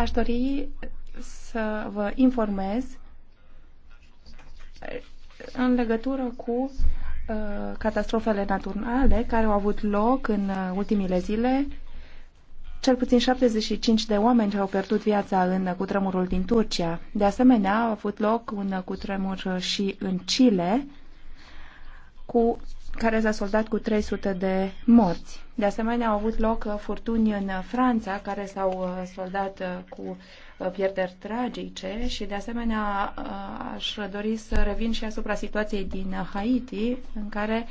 Aș dori să vă informez în legătură cu uh, catastrofele naturale care au avut loc în uh, ultimile zile. Cel puțin 75 de oameni au pierdut viața în uh, cutremurul din Turcia. De asemenea, a avut loc un cutremur și în Chile cu care s-a soldat cu 300 de morți. De asemenea, au avut loc uh, furtuni în Franța care s-au uh, soldat uh, cu pierderi tragice și, de asemenea, aș dori să revin și asupra situației din Haiti, în care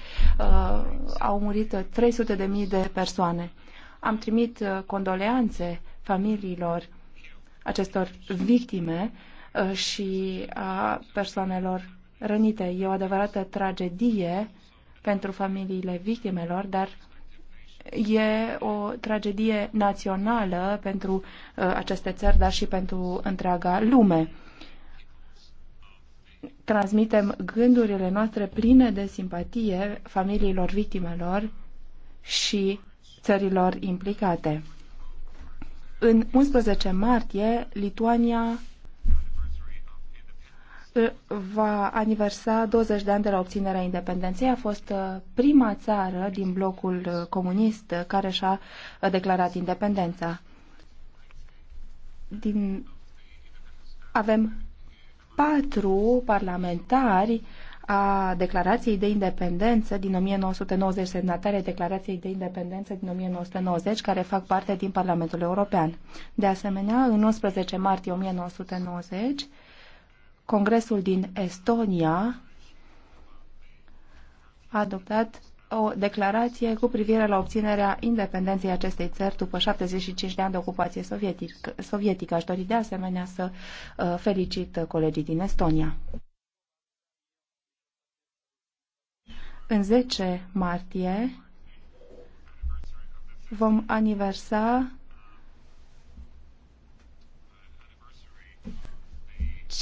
au murit 300 de mii de persoane. Am trimit condoleanțe familiilor acestor victime și a persoanelor rănite. E o adevărată tragedie pentru familiile victimelor, dar e o tragedie națională pentru uh, aceste țări, dar și pentru întreaga lume. Transmitem gândurile noastre pline de simpatie familiilor victimelor și țărilor implicate. În 11 martie, Lituania Ă, va aniversa 20 de ani de la obținerea independenței. A fost ă, prima țară din blocul ă, comunist care și-a declarat independența. Din... Avem patru parlamentari a Declarației de Independență din 1990, semnatare Declarației de Independență din 1990, care fac parte din Parlamentul European. De asemenea, în 11 martie 1990, Congresul din Estonia a adoptat o declarație cu privire la obținerea independenței acestei țări după 75 de ani de ocupație sovietică. sovietică. Aș dori de asemenea să uh, felicit colegii din Estonia. În 10 martie vom aniversa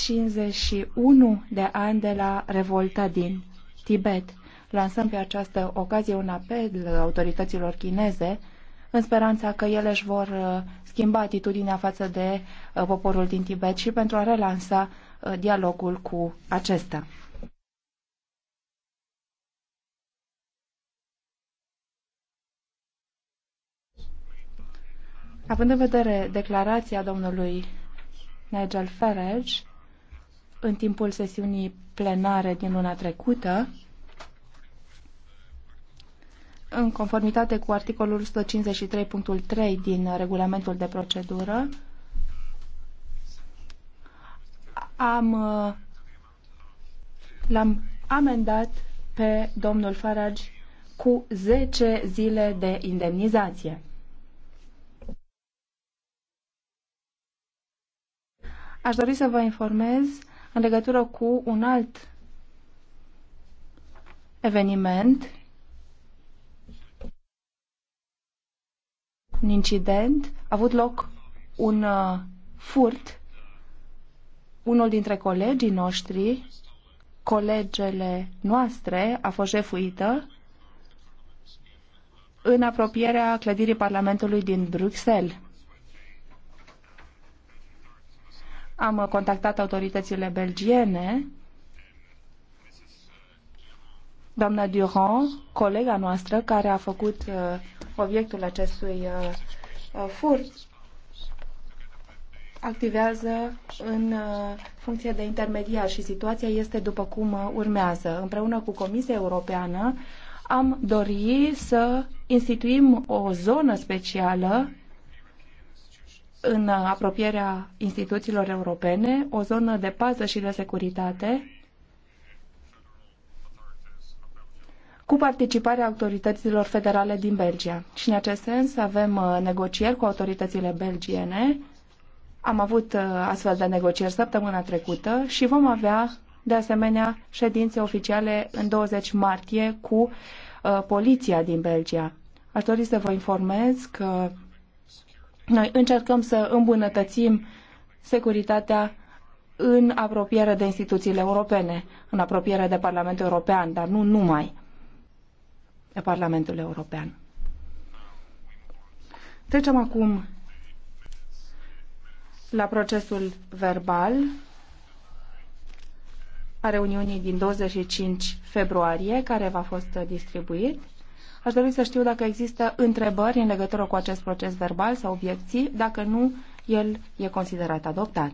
51 de ani de la revolta din Tibet. Lansăm pe această ocazie un apel autorităților chineze în speranța că ele își vor uh, schimba atitudinea față de uh, poporul din Tibet și pentru a relansa uh, dialogul cu acesta. Având în vedere declarația domnului Nigel Farage, în timpul sesiunii plenare din luna trecută, în conformitate cu articolul 153.3 din regulamentul de procedură, am, l-am amendat pe domnul Farage cu 10 zile de indemnizație. Aș dori să vă informez în legătură cu un alt eveniment, un incident, a avut loc un uh, furt. Unul dintre colegii noștri, colegele noastre, a fost jefuită în apropierea clădirii Parlamentului din Bruxelles. Am contactat autoritățile belgiene. Doamna Durand, colega noastră care a făcut uh, obiectul acestui uh, uh, furt, activează în uh, funcție de intermediar și situația este după cum uh, urmează. Împreună cu Comisia Europeană am dorit să instituim o zonă specială în apropierea instituțiilor europene, o zonă de pază și de securitate, cu participarea autorităților federale din Belgia. Și în acest sens avem uh, negocieri cu autoritățile belgiene. Am avut uh, astfel de negocieri săptămâna trecută și vom avea de asemenea ședințe oficiale în 20 martie cu uh, poliția din Belgia. Aș dori să vă informez că noi încercăm să îmbunătățim securitatea în apropiere de instituțiile europene, în apropiere de Parlamentul European, dar nu numai de Parlamentul European. Trecem acum la procesul verbal a reuniunii din 25 februarie, care v-a fost distribuit. Aș dori să știu dacă există întrebări în legătură cu acest proces verbal sau obiecții. Dacă nu, el e considerat adoptat.